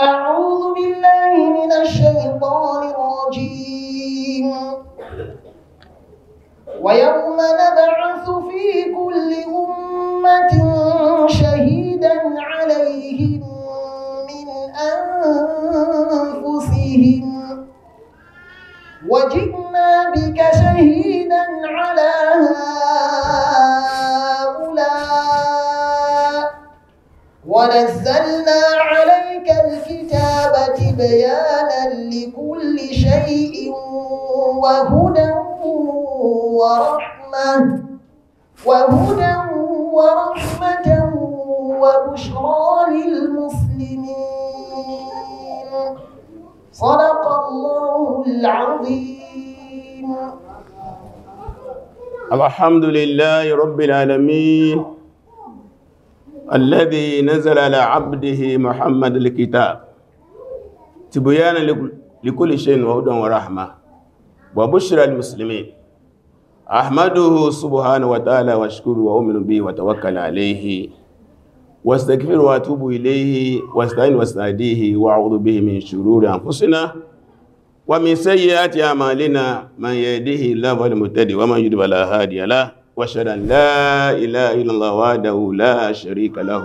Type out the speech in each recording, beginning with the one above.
أعوذ بالله من الشيطان الرجيم ويوم نبعث في كل أمة شهيدا عليهم من أنفسهم وجئنا بك شهيدا على هؤلاء ونزلنا وهدى ورحمة وهدى ورحمة وبشرى للمسلمين صدق الله العظيم الحمد لله رب العالمين الذي نزل على عبده محمد الكتاب تبيانا لكل شيء وهدى ورحمه وبشرى المسلمين أحمده سبحانه وتعالى واشكره وأؤمن به وتوكل عليه واستغفره واتوب إليه واستعين واستهديه وأعوذ به من شرور أنفسنا ومن سيئات أعمالنا من يهده الله فهو المهتدي ومن يضلل فلا هادي له وأشهد أن لا إله إلا الله وحده لا شريك له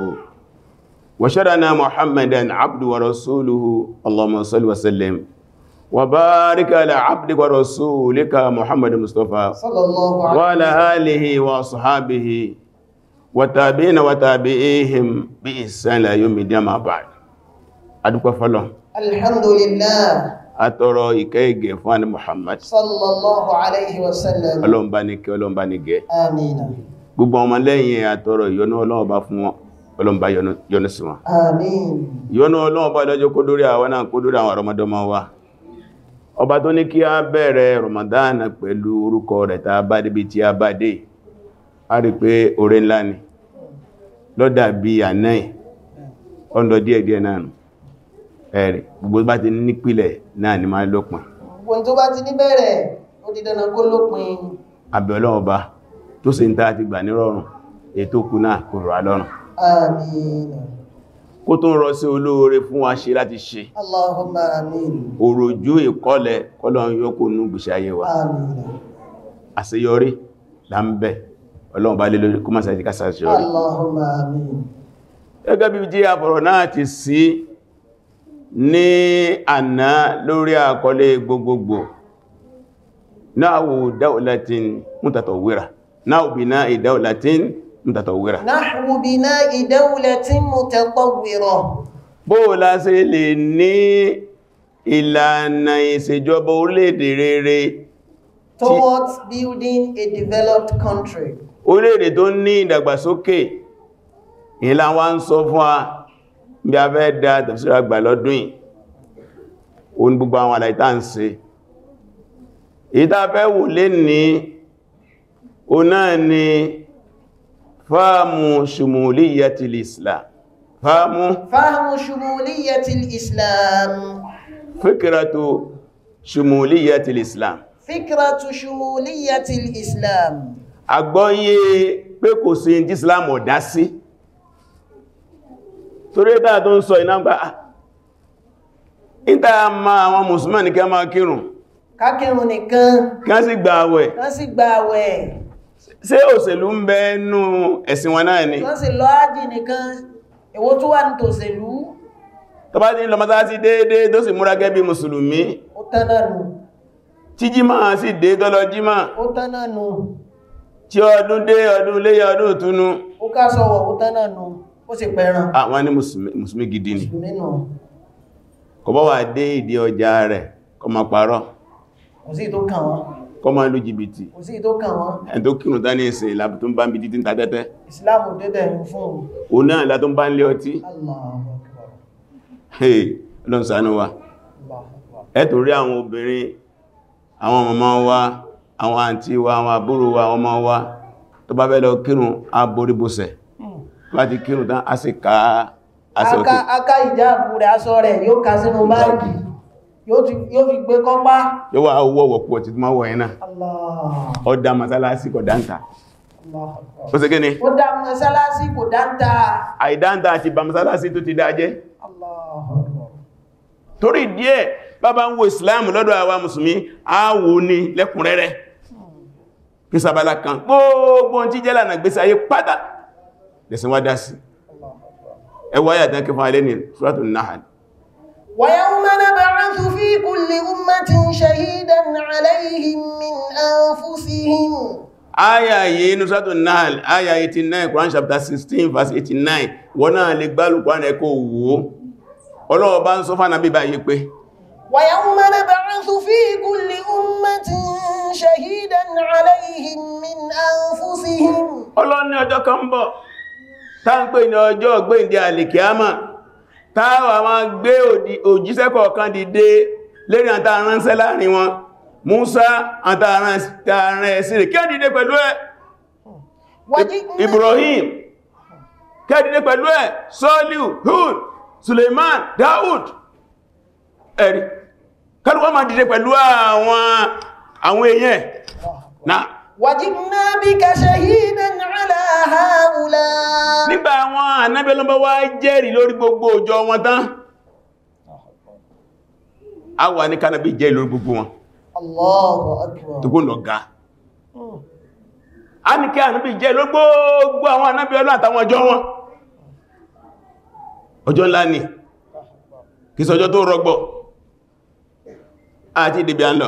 وأشهد أن محمدا عبده ورسوله اللهم صل وسلم وبارك على عبدك ورسولك محمد مصطفى صلى الله وعلى آله وصحابه وتابعين وتابعيهم بإحسان لا يمد الدين ما بعد adúpẹ́ fọ́lọ̀. alhamdulillah àtọrọ ìkẹ́ ìgẹ̀ fún àni muhammad sallallahu alaihi wasallam ọlọ́mbá ní kẹ́ ọlọ́mbá ní gẹ́ amina gbogbo ọmọ lẹ́yìn àtọrọ ìyọnú ọlọ́ọ̀bá fún wọn ọlọ́mbá yọ́nú sí wọn àmín ìyọnú ọlọ́ọ̀bá lọ́jọ́ kó àwọn náà kó àwọn ọmọdọ́mọ wa ọba tó ní kí a bẹ̀rẹ̀ Ramadan pẹ̀lú orúkọ rẹ̀ tá bá débi tí a bá dé a rí pé orí ńlá ni lọ́dà bí ànáì náà nù ẹ̀rẹ̀ gbogbo bá ti nípìlẹ̀ náà ni máa gbogbo tó bá ti sì ń gbà nírọ̀rùn ètò náà kò kó tó ń rọ sí olóore fún wa ṣe láti ṣe òròjú ìkọlẹ̀ kọlọ̀ yóò nú gbèsè ayé wa àṣeyọrí lámbẹ̀ ọlọ́run bá lórí kó máa bí jí àbọ̀rọ̀ náà ti sí ní àná lórí àkọlẹ̀ gbogbogbò náà wò dáwọ̀látín mutatawwira nahwu bina'i dawlatin mutatawwira bó la ṣe lè ní ìlànà ìṣèjọba orílẹ̀-èdè rere towards building a developed country orílẹ̀-èdè tó ní ìdàgbàsókè ìlà wa ń sọ fún a bí a fẹ́ dá tafsira gbà lọ́dún yìí فهم شمولية الإسلام فهم فهم شمولية الإسلام فكرة شمولية الإسلام فكرة شمولية الإسلام àgbọ́yé pé kò sí ní islam ọ̀dá sí torí dáa tó ń sọ iná gbá ìta ah, ma àwọn musulman ní ká máa kírun ká nìkan ká sì gbààwẹ̀ ká ṣé òṣèlú ń bẹ nú ẹ̀sìn wọn náà ni wọ́n sì lọ ájì nìkan èwo tó wà ní tòṣèlú tó bá ti ń lọ mọ́sálásí déédé tó sì múra gẹ́bí mùsùlùmí ó tánà nù tí jímọ̀ sì dé tó lọ jímọ̀ ó tánà nù tí ọdún dé ọdún léyà ọdún ìtúnú ó ká sọ̀wọ̀ ó tánà nù ó sì pẹran àwọn ah, ní mùsùlùmí gidi ni kò bá wà dé ìdí ọjà rẹ̀ kò má parọ́ kọ́ máa lo jìbìtì kò sí ìtó kàn wọ́n ẹni tó kírun dání ẹ̀sìn ìlàbù tó ń bá ń bi títí ń ta tẹ́tẹ́ ìsìláàmù dẹ́dẹ̀ ń fún òun òun náà ìlà tó ń bá ń lé ọtí Ọlọ́run ṣàánú wa ẹ tó rí àwọn obìnrin àwọn màmá wa àwọn àǹtí wa àwọn àbúrò wa àwọn ọmọ wa tó hmm. a sì aka ìjáàbù rẹ̀ aṣọ rẹ̀ yóò ká sínú báàgì yóò fi gbé kọ́pá yóò wà owó wọ̀pọ̀ tí máa wọ̀ ẹ̀nà ọdá masalasi kò dáńtà ó sì gíní ọdá masalasi kò dáńtà àìdáńtà àti bá masalasi tó ti dájẹ́ torí díẹ̀ bàbá ń wo Islam lọ́dọ̀ àwa mùsùlùmí àwò ní lẹ́kùnrẹ́rẹ́ pínsàbálá kan gbogbo tí jẹ́ lànà gbésí ayé pátá lẹ́sìn wá dá sí ẹwà yàtàn kí fún alẹ́ ní Suratul Nahl ويوم نبعث في كل أمة شهيدا عليهم من أنفسهم Aya yìí inú Suratul Nahl, aya 89, Quran chapter 16, verse 89, wọ́n náà lè gbálù Quran ẹ̀kọ́ òwò. Ọlọ́wọ́ bá ń sọ fánà bíbá yìí pé. Wa yawma nab'athu fi kulli ummatin shahidan alayhim min anfusihim. Ọlọ́ni ọjọ́ kan bọ̀, tá ń pè ní ọjọ́ ọgbẹ́ ìdí àlìkìámà táwà máa gbé òjíṣẹ́ kọ̀ọ̀kan dìde lérí àtàránṣẹ́ láàrin wọn Musa àtàránṣẹ́ rẹ̀ kí ó dìde pẹ̀lú ẹ̀ Ibrahim kí ó dìde pẹ̀lú ẹ̀ Soliu Hud Suleiman Daud ẹ̀rí kẹ́lùkọ́ máa dìde pẹ̀lú àwọn èèyàn náà wàjí náà bí kẹ́ ṣe yìí haula. nígbà àwọn ànábì Ọlọ́run bá wá jẹ́rìí lórí gbogbo ìjọ wọn tán a wà ní kánábí jẹ́rìí lórí gbogbo wọn Allahu a ní kí ànábì jẹ́rìí lórí gbogbo àwọn ànábì Ọlọ́run àtàwọn ọjọ́ wọn ọjọ́ ńlá ni kìí sọjọ́ tó rọgbọ àti ìdìbì à ń lọ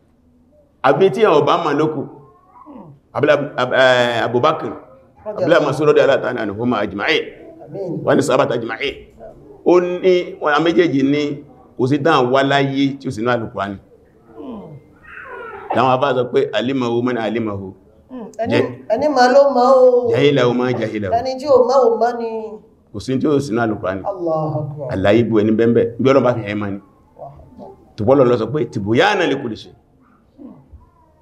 àbí tí àwọn ọba ma lókù eh, abubakar abúlá masoro da aláta náà nìhoma ajima'i wà ní sábàtà ajima'i ó ní wọ́n méjèèjì ní kò sí dán wá láyé tí ó sì náà lùkwá ní dáwọn abáza pé alimahu mẹ́ni alimahu hmm, ẹni ma ló ma ó jahilahu ma jahilahu ẹni tí ó ma ó ma ni kò sí tí ó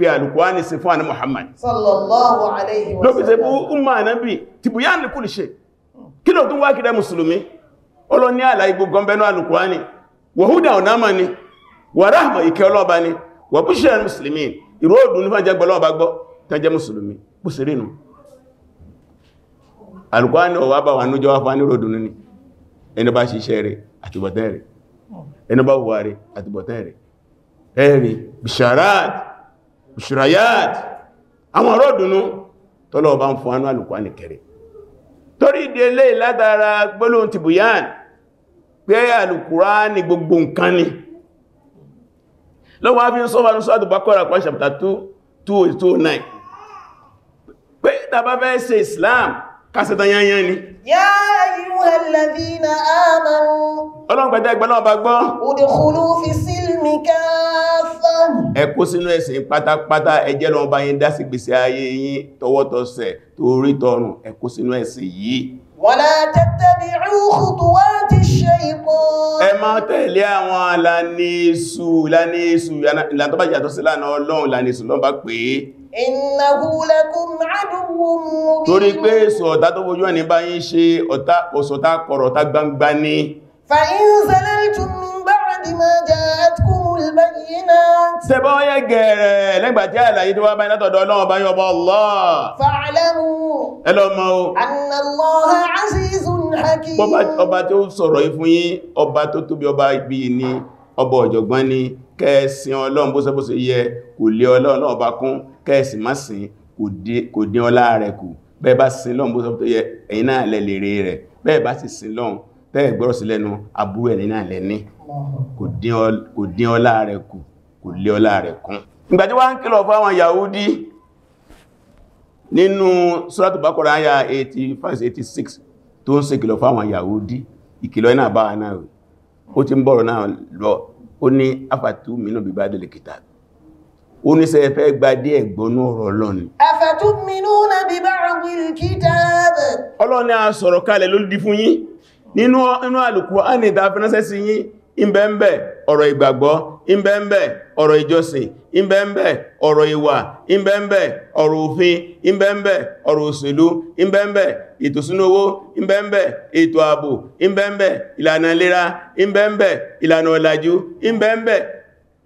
fi alùkùránì sí fún àná Muhammad sallallahu alaihi wasallam ló fi ṣe fún umma anábì tìbúyà ní kùlù ṣe kí ló tún wá kìdá mùsùlùmí ọlọ ní àlàyé gbogbo ọmọbẹ̀nú alùkùránì wàhúdà ọ̀nàmà ni wà ráhmà ìkẹ́ ọlọ́ọ̀bá ni wà búṣẹ̀ mùsùlùmí ìró òdùn nípa jẹ́ gbọ́lọ́ọ̀bá gbọ́ tẹ́jẹ́ mùsùlùmí bó ṣe rí nù alùkùránì bá wà nújọ wáfà ní ròdùn ní ẹni bá ṣiṣẹ́ rẹ̀ àtibọ̀tẹ́ rẹ̀ ẹni bá wùwà rẹ̀ àtibọ̀tẹ́ rẹ̀ ẹ̀rì bisharat ìṣìrayáàdì àwọn ọ̀rọ̀ dùnú tọ́lọ̀ bá ń fún anú alùkwáni kẹrẹ torí ìdílé látara gbólóhùn ti bùyán pé alùkùránì gbogbo nǹkan ni lọ́wọ́ fi ń sọ́fà ní sọ́dù Bakara Quran chapter 2 209 pé tàbá fẹ́ ṣe Islam kásẹta yanyan ni yá ayyuhal ladhina amanu ọlọ́pẹ̀tẹ́ fi silmi kan ẹ kó sínú ẹ̀sìn pátápátá ẹjẹ́ lọ bá yín dá gbèsè ayé yín tọwọ́tọsẹ̀ torí tọrùn ẹ sínú ẹ̀sìn yìí wala tattabi'u khutuwati shaytan tó bá yàtọ̀ sí lánà ọlọ́run lánìsù lọ́n bá pè é innahu lakum aduwwun mubin tó bá yín ṣe ọ̀tá البينات سبايا غير لين باتي على يدوا بين الله بين الله فاعلموا الله عزيز حكيم ọba ọba tó sọ̀rọ̀ ifun yín ọba tó tóbi ọba ibi ni ọba ọ̀jọ̀gbọ́n ni kẹ́ẹ̀sìn Ọlọ́run bó ṣe bó ṣe yẹ kò lé Ọlọ́run náà bá kún kẹ́ẹ̀sìn má sìn kò dín ọlá rẹ̀ kù bẹ́ẹ̀ bá sin Ọlọ́run bó ṣe bó yẹ ẹ̀yin náà lẹ rẹ̀ bẹ́ẹ̀ bá sì sin Ọlọ́run tẹ́ẹ̀ gbọ́rọ̀ sí lẹ́nu àbúrò ẹ̀yin náà lẹ́ni kò dín ọlá rẹ̀ kù kò lé ọlá rẹ̀ kún ìgbàtí wá ń kílọ̀ fáwọn Yahudi nínú Suratu Baqara ayá 85-86 tó ń ṣe kílọ̀ fáwọn Yahudi ìkìlọ̀ iná bá náà rẹ̀ ó ti ń bọ̀rọ̀ náà lọ ó ní afàtú mìíràn bí bá délé kìtà ó ní sẹ́ fẹ́ gba dé ẹ̀gbọ́nú ọ̀rọ̀ ọlọ́ni ọlọ́ni a sọ̀rọ̀ kalẹ̀ ló di fún yín nínú Al-Qur'ani ìdáfẹ́ránṣẹ́ sí yín ìbẹ́ńbẹ́ ọ̀rọ̀ ìgbàgbọ́ ìbẹ́ńbẹ́ ọ̀rọ̀ ìjọsìn ọrọ ọ̀rọ̀ ìwà ìbẹ́ńbẹ́ ọrọ òfin ìbẹ́ńbẹ́ ọ̀rọ̀ òṣèlú ìbẹ́ńbẹ́ ètò sínú ọrọ ètò ààbò ìbẹ́ńbẹ́ ìlànà ìlera ìbẹ́ńbẹ́ ìlànà ọ̀làjú ìbẹ́ńbẹ́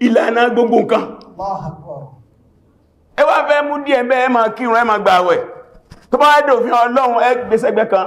ìlànà gbogbo nǹkan ẹ wá fẹ́ mú díẹ̀ bẹ́ẹ̀ máa kírun ẹ máa gbààwẹ̀ tó bá dòfin Ọlọ́run ẹ kan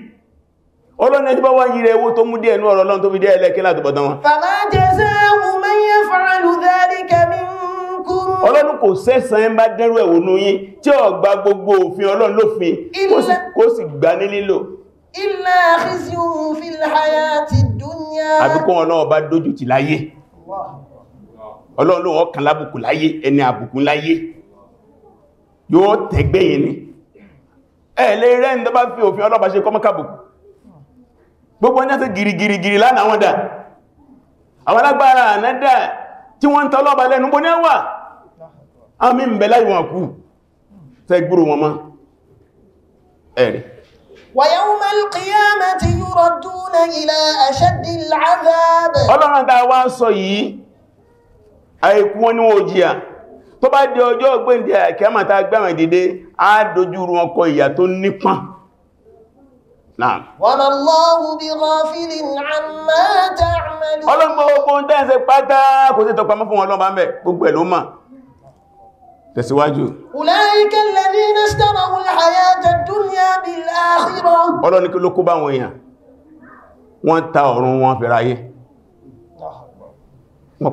ọlọ́ni ẹjọ́ bá wá yí rẹ̀ owó tó mú díẹ̀ ní ọ̀rọ̀ ọlọ́run tó fi díẹ̀ ẹlẹ́kẹ́ látọ̀bọ̀tán wọn ọlọ́run kò sẹ́sàn ẹmbá dẹ́rù ẹ̀wònú yín tí ó gba gbogbo òfin ọlọ́run lófin kó sì gbà ní lílò illa khizyun fil fi òfin ọlọ́bàá ṣe kọ́mọ́kàbùkù gbogbo ọjọ́ sí gìrìgìrìgìrì lánàá wọn dà àwọn alágbára ànádà tí wọ́n ń tọ́ lọ́ba lẹ́nu bó ní ẹwà àmì ń bẹ láì wọn kú tẹ́ gbúrò wọn mọ́ ẹ̀rí tó bá di ọjọ́ ọgbẹ́ndẹ̀ àkíyàmà ta gbẹ̀rẹ̀ dìde á dojúrú wọn kọ ìyà tó nípọn Naam. Wàlọ́lọ́hu bí rọ́fílìn àmà tààmàlú. Ọlọ́gbọ́ ogun tẹ́ẹ̀sẹ̀ pátá kò sí tọpamọ́ fún ọlọ́mà mẹ́ gbogbo ẹ̀ ló máa. Tẹ̀síwájú. Wọ́n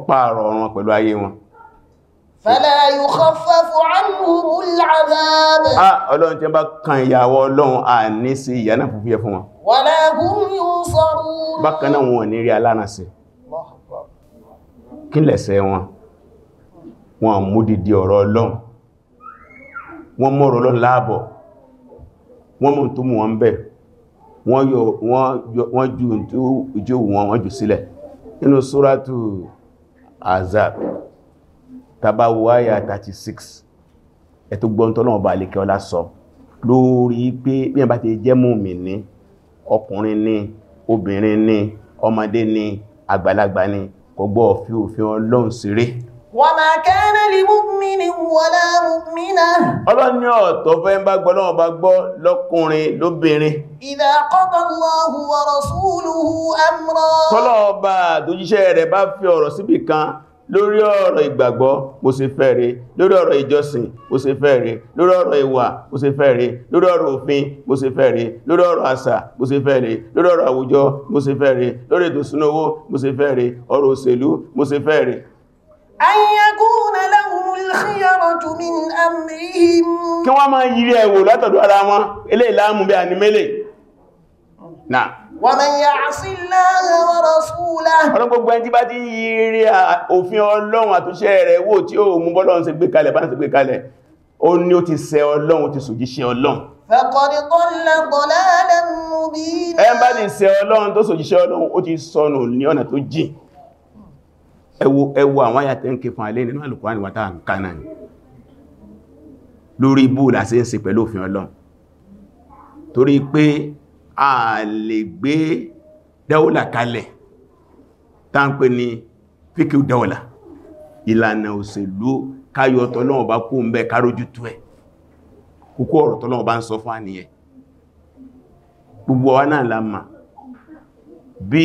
pààrọ̀ ọ̀run pẹ̀lú ayé wọn fala yukhaffafu anhumul adhab ah, ọlọ́run tí bá kan ìyàwó ọlọ́run à ní sí ìyà náà fúfúyẹ́ fún wọn wala hum yunsarun bákan náà wọn ní rí alára sí kí lẹ̀ṣẹ̀ wọn wọn mú dìdí ọ̀rọ̀ ọlọ́run wọ́n mọ́rọ̀ lọ láàbọ̀ wọ́n mú tó mú wọn bẹ̀ wọ́n ju ìjò wọn wọ́n jù sílẹ̀ nínú suratu azab tàbá wáyà 36 ẹ̀tù gbọ́ntọ́lọ́wọ́ bá alékẹ́ ọlá sọ lórí pé bí ẹ̀bá ti jẹ́ mùmínì ọkùnrin ni obìnrin ni ọmọdé ni àgbàlagbà ni kò gbọ́ òfin òfin ọlọ́run ṣeré wa ma kana li mu'minin wala mu'minatin ọlọ́ni ọ̀tọ̀ fẹ́ ń lọ́kùnrin lóbìnrin idha qada Allahu lórí ọ̀rọ̀ ìgbàgbọ́ mo ṣe fẹ́re lórí ọ̀rọ̀ ìjọsìn mo ṣe fẹ́re lórí ọ̀rọ̀ ìwà mo ṣe fẹ́re lórí ọ̀rọ̀ òfin mo ṣe fẹ́re lórí ọ̀rọ̀ àṣà mo ṣe fẹ́re lórí ọ̀rọ̀ àwùjọ mo ṣe fẹ́re lórí ètò ìṣúnowó mo ṣe fẹ́re ọ̀rọ̀ òṣèlú mo ṣe fẹ́re kí wọ́n máa yìí ẹ̀wò látọ̀dọ̀ ara wọn eléyìí láàmú bí a ní mẹ́lẹ̀ náà ومن يعص الله ورسوله ọ̀rọ̀ gbogbo ẹni tí bá ti yìírí òfin ọlọ́run àtúnṣẹ́ rẹ̀ wò tí ó mú bọ́lọ́run ṣe gbé kalẹ̀ bá ń ṣe gbé kalẹ̀ ó ní ó ọlọ́run tó sòjíṣẹ́ ọlọ́run ó ti sọnù ní ọ̀nà tó jìn ẹwọ àwọn àyà ń ké fún alẹ́ nínú al a lè gbé dáúlà kalẹ̀ tá ń pè ní fíkíù dáúlà ìlànà òṣèlú káyọ tọ́lọ́wọ́ bá kó ń bẹ́ kárójútó ẹ̀ kókó ọ̀rọ̀ tọ́lọ́wọ́ bá ń sọ fún àníyàn gbogbo wa náà la mà bí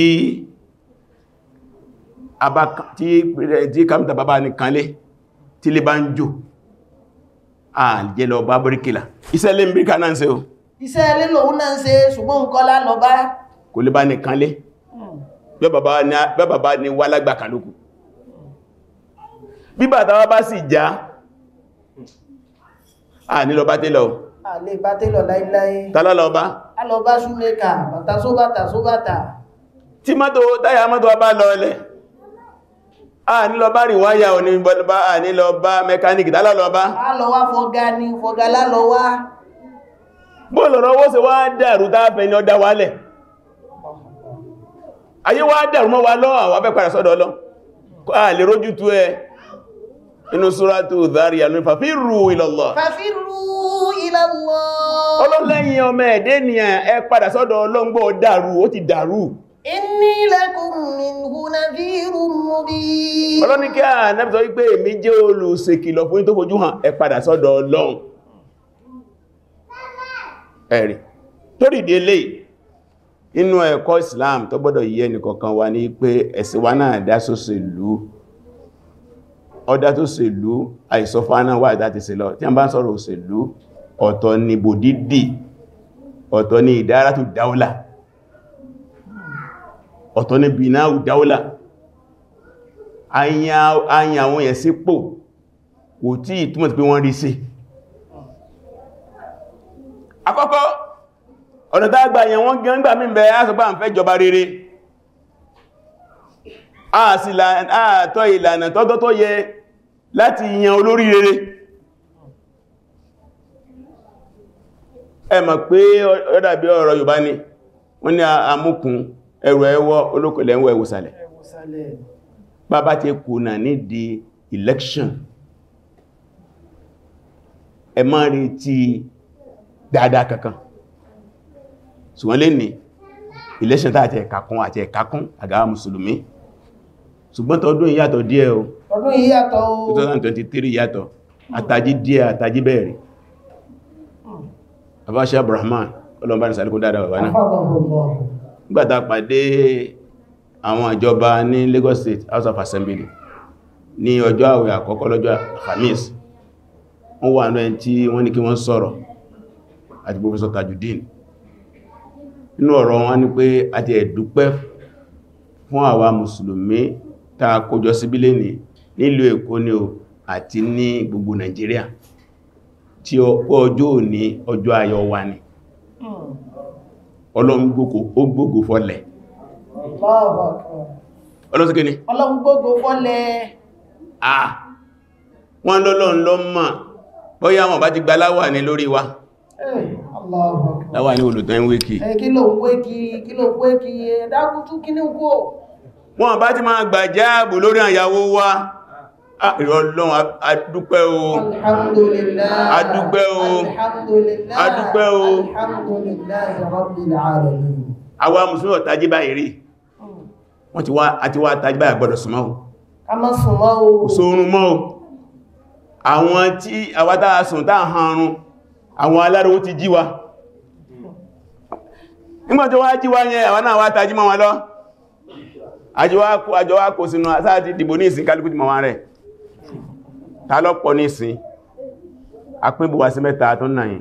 tí kàmítà bàbá ní kanlé tí lè bá ń jò àjẹ́lọ bá bíríkìlà iṣẹ́ lè náà ń ṣe o iṣẹ́ ilé lòun náà ń ṣe ṣùgbọ́n nǹkan lálọ bá kò lè bá ní kanlé hmm. bẹ́bàbá ní wá lágbà kan lókù bí bàtà wá bá sì já à ní lọ bá télọ̀ àlè bá télọ̀ láíláí tálá lọ bá alọ bá súnlẹ́kà bàtà sóbàtà sóbàtà tí mọ́tò táyà mọ́tò wá bá lọ ẹlẹ́ à ní lọ bá rìn wáyà òní bọ́lọ́bá à ní lọ bá mẹkáníkì tálá a lọ wá fọ́gá ní fọ́gá lálọ bó lọ̀rọ̀ owó ṣe wá dàrú táàfẹ́ ni ó dá wálẹ̀ ayé wá dàrú mọ́ wa lọ́ àwọn abẹ́ padà sọ́dọ̀ lọ a lè rójú tú ẹ inú súrátù Dhariyah ní fàfírù ilallah fàfírù ilallah ọlọ́lẹ́yìn ọmọ ẹ̀dẹ́ ni ẹ padà sọ́dọ̀ ọlọ́ngbọ́ dàrú lakum minhu nadhirun mubin ọlọ́ni kí a náà sọ wípé èmi jẹ́ olùṣèkìlọ̀ fún yín tó fojú hàn ẹ padà sọ́dọ̀ ọlọ́run ẹ̀rì torí di eléyìí inú ẹ̀kọ́ Islam tó gbọ́dọ̀ yí ẹnìkọ̀ọ̀kan wa ní pé ẹ̀sìn wa náà dá sóṣèlú ọdá tó ṣèlú àìsọfá náà wà ìdá ti ṣe lọ tí a bá ń sọ̀rọ̀ òṣèlú ọ̀tọ̀ ni bòdídì ọ̀tọ̀ ni ìdára tó dáúlà ọ̀tọ̀ ni bìnáwù dáúlà ayin àwọn èèyàn sípò kò tí ìtúmọ̀ sí wọ́n rí sí àkọ́kọ́ ọ̀nà tá gbà yẹn wọ́n gẹ́ngbà mí bẹ àṣọpá ń fẹ́ jọba rere àtọ́ ìlànà tọ́tọ́ tó yẹ láti yan olórí rere ẹ mọ̀ pé ọdàbí ọ̀rọ̀ Yorùbá ni wọ́n ní àmúkùn ẹrù ẹwọ́ olókòlẹ̀ ẹwọ́ ẹwòsàlẹ̀ bàbá ti kùnà di election ẹ má retí dáadáa kankan ṣùgbọ́n lè ní election tá àti ẹ̀kàkún àti ẹ̀kàkún àgbà mùsùlùmí ṣùgbọ́n tọdún ìyàtọ̀ díẹ̀ o 2023 ìyàtọ̀ àtàjí díẹ̀ àtàjí bẹ̀rẹ̀ abáṣẹ́ abrahman ọlọ́mbà ní sàríkún dáadáa bàbá náà nígbàtà pàdé àwọn ìjọba Lagos State House of Assembly ní ọjọ́ àwẹ̀ àkọ́kọ́ lọ́jọ́ Khamis wọ́n wà ní ẹni tí wọ́n ní kí wọ́n sọ̀rọ̀ àti professor Tajudeen nínú ọ̀rọ̀ wọn ni pé a ti ẹ̀dúpẹ́ fún àwa mùsùlùmí tá a kójọ síbí lẹ́ni nílùú Èkó ni o àti ní gbogbo Nàìjíríà tí ọjọ́ òní ọjọ́ ayọ̀ wa ni ọlọ́run gbogbo fọ́lẹ̀ ọlọ́sí kíni ọlọ́run gbogbo fọ́lẹ̀ ah wọ́n lọ́lọ́run lọ́mọ̀ bóyá wọn bá ti gbaláwà ní lórí wa láwà ní olùtàn ń wékì kí ló ń wékì kí ló ń wékì ẹ̀dákútú kí ní kó wọ́n bá ti máa gbà jáàbù lórí àyàwó wa alhamdulillah adúpẹ́ alhamdulillah adúpẹ́ o alhamdulillah rabbil alamin àwa mùsùlùmí ọ̀tají báyìí rí hmm. wọ́n ti wá àti wá tají báyìí gbọ́dọ̀ súnmọ́ o ká má súnmọ́ o kò sórun mọ́ o àwọn tí àwátára sùn táà hanrun àwọn aláró ti jí nígbà tó wá jí wá yẹn àwọn náà wá tají mọ́ wọn lọ àjọ wá kó sínú àti dìbò ní ìsìn kálukú ti mọ̀ wọn rẹ̀ ta lọ́pọ̀ ní ìsìn àpínbùwà sí mẹ́ta tó náà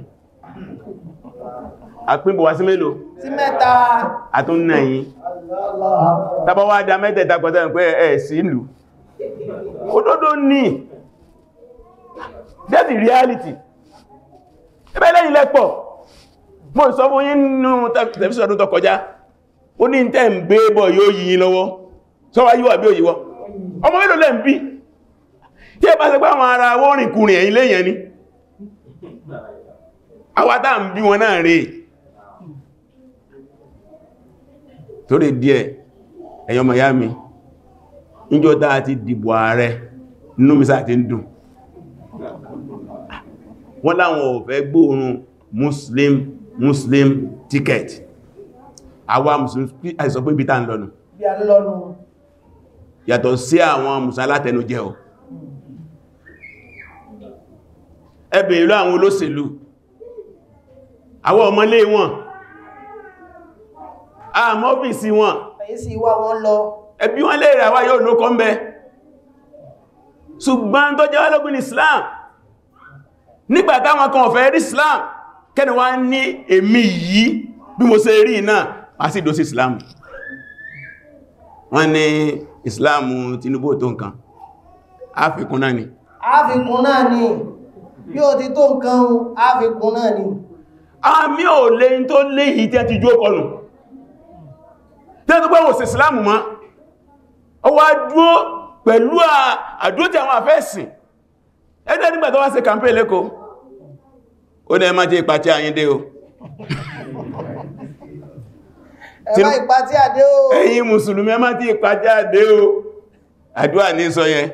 àpínbùwà sí mélòó sí mẹ́ta àtún náà yìí wá dá mẹ́tẹ̀ẹ̀ta pẹ̀tẹ̀ mo sọ fún yín nínú tẹ̀fíṣọ́ ọdún tó kọjá ó ní tẹ́ ń gbé bọ̀ yóò yìí lọ́wọ́ sọ́wọ́ yíwà bí òyíwọ́ ọmọ mélòó lẹ́ ń bí tí ẹ bá sọ pé àwọn ara wọ́rin kùnrin ẹ̀yìn lẹ́yìn ni àwátá ń bí wọn náà rèé torí díẹ̀ ẹ̀yọ miami níjọ́ dáa ti dìbò ààrẹ nínú mísà ti ń dùn wọ́n láwọn ò fẹ́ gbóòrùn muslim muslim ticket àwa muslim àìsọ pé ibi tá ń lọ́nu yàtọ̀ sí àwọn musa látẹnujẹ́ o ẹbẹ̀ ìlú àwọn olóṣèlú àwọn ọmọlé wọn àmọ́ ọ́fíìsì wọn ẹbí wọn lè rà wá yóò ló kọ́ mẹ́ ṣùgbọ́n tó jẹ́ wá Islam nígbàtá wọn kan ò rí Islam kẹ́ni wá ní èmi yìí bí mo ṣe rí náà a sì dó sí islam wọ́n ní islam Tinubu tó nǹkan áfìkún náà ni áfìkún náà ni yóò ti tó nǹkan áfìkún náà ni àmì ò lè tó lè yìí tí a ti jú ọkọlù tí a tó pẹ́wọ̀ sí islam mọ́ ó wá dúó pẹ̀lú àdúótì àwọn àfẹ́sìn ẹgbẹ́ nígbà tó campaign lẹ́kọ̀ọ́ ó ní ẹmá tí ìpàtí àyíndé o ẹmá ìpàtí àdé o ẹ̀yin mùsùlùmí ẹmá tí ìpàtí àdé o àdúwà ní sọ yẹn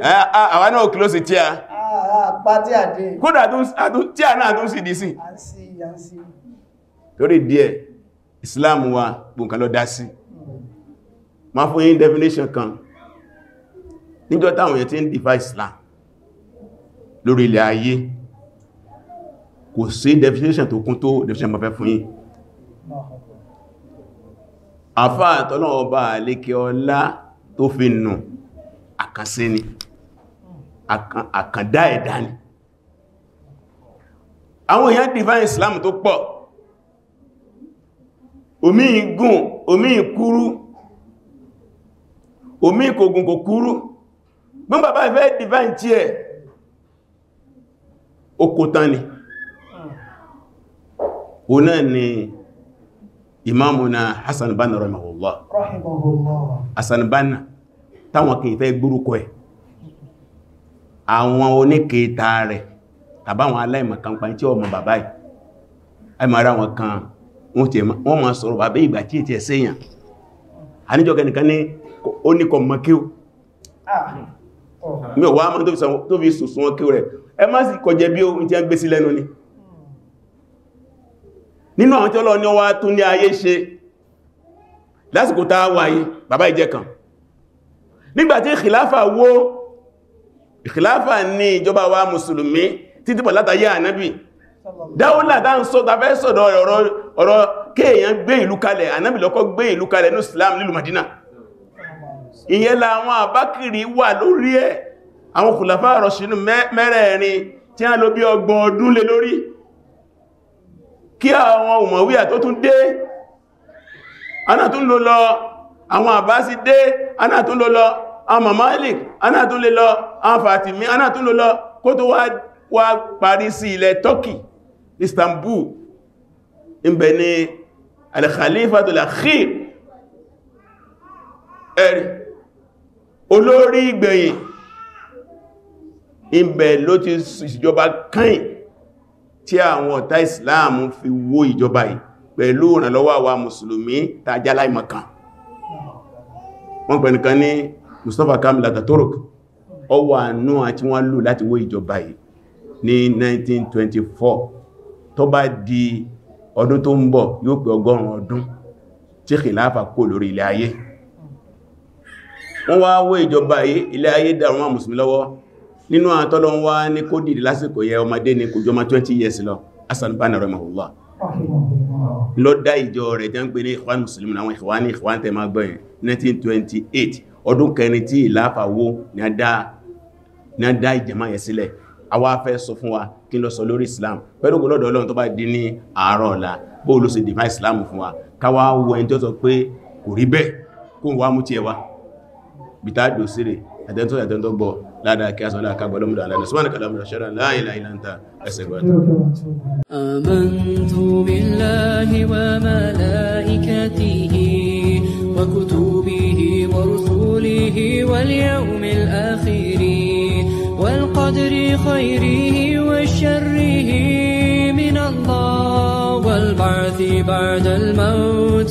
eh. àwa náà kìlọ́ sí tí a ah, pàtí àdé kódà tí a náà tún sì dì sí torí díẹ̀ Islam wa gbùnkan lọ dá sí ma fún yín definition kan níjọ́ táwọn èèyàn ti ń defy Islam lórí ilẹ̀ ayé kò sí definition tó kún tó definition mọ́fẹ́ fún yín àfá àtọ́nà ọba àlékẹ́ ọlá tó fi nù àkànsí ni àkàndá ẹ̀dá ni àwọn èèyàn divine Islam tó pọ̀ omi igun omi ikúrú omi ìkògùn kò kúrú gbọ́n bàbá ìfẹ́ divine tí ẹ̀ okòtán ni òun náà ni ìmáàmùna Hassan Banna rahimahullah Hassan Banna táwọn kìí fẹ́ gbórúkọ ẹ̀ àwọn oníkèéta rẹ̀ tàbáwọn aláìmọ̀kànpá tí ọmọ bàbá ẹ̀ ẹmọ̀ra wọn kan wọ́n ma sọ̀rọ̀ bàbá ìgbà tí ìtẹ̀ sẹ́yàn àníjọ́ kẹnìkan ní ó ní kọ mọ́ kí ó ah, mi ò wá mọ́ tó fi sùn wọn kí ó rẹ̀ ẹ má sì kọjẹ bí ó ń gbé sí lẹ́nu ni nínú àwọn tí ọlọ́ ní ọwá tún ní ayé ṣe lásìkò tàà wáyé bàbá ìjẹ́ kan nígbàtí ìkìláfà wó ìkìláfà ní ìjọba wa mùsùlùmí títí bọ̀ látàyé ànábì dáúlà dá ń sọ tafẹ́ sọ̀dọ̀ ọ̀rọ̀ kéèyàn gbé ìlú kalẹ̀ ànábì lọ́kọ́ gbé ìlú kalẹ̀ ní islam nílùú madina kí àwọn òmọ̀wíyà tó tún dé aná tún lò lọ àwọn àbáṣì dé aná tún lò lọ àwọn mamalik aná tún lè lọ àwọn fatimi aná tún lò lọ kó tó wá parí sí ilẹ̀ turkey istanbul ìbẹ̀ ni al ẹ̀rì olórí ìgbẹ̀yìn ìbẹ̀ ló ti ìjọba kain tí àwọn ọ̀tá Islam fi wó ìjọba yìí pẹ̀lú ìrànlọ́wọ́ àwa mùsùlùmí tàjá láìmọ̀kan wọ́n pẹ̀lú kan ní Mustafa kamila Ataturk ó wà nú àti wọ́n lù láti wó ìjọba yìí ní 1924 tó bá di ọdún tó ń bọ̀ yóò pé ọgọ́rùn ọdún tí kìláàfà kò lórí ilẹ̀ ayé wọ́n wá wó ìjọba yìí ilẹ̀ ayé dàrú mọ́ mùsùlùmí lọ́wọ́ nínú àtọ́lọ́n wá ní kó dìde lásìkò yẹ ọmọdé ní kò jọmọ 20 years lọ Hassan Banna rahimahullah lọ dá ìjọ rẹ̀ jẹ́ ń pè ní Ikhwan Muslimin àwọn Ikhwan ní Ikhwan tẹ́ máa gbọ́yìn 1928 ọdún kẹrin tí ìlàfàwó ni a dá ìjẹmọ́ yẹ sílẹ̀ àwa fẹ́ sọ fún wa kí lọ sọ lórí Islam pẹ̀lú gbọ́lọ́dọ̀ Ọlọ́run tó bá di ní àárọ̀ ọ̀la bó ló sì dìmá Islam fún wa káwàá wọ ẹni tó sọ pé kò rí bẹ́ẹ̀ kó wá mú tí wá bìtá dòsírè àtẹ́ntọ́ àtẹ́ntọ́ gbọ́ ládàá kí a sọ láàká gbọ́dọ̀ mú dáadáa sọ́wọ́n kàlá mú ṣẹ́ra la ilaha illa anta astaghfiruka. Amantu billahi wa malaikatihi wa kutubihi wa rusulihi wal yawmil akhir wal qadri khayrihi wa sharrihi min Allah wal ba'thi ba'da al-maut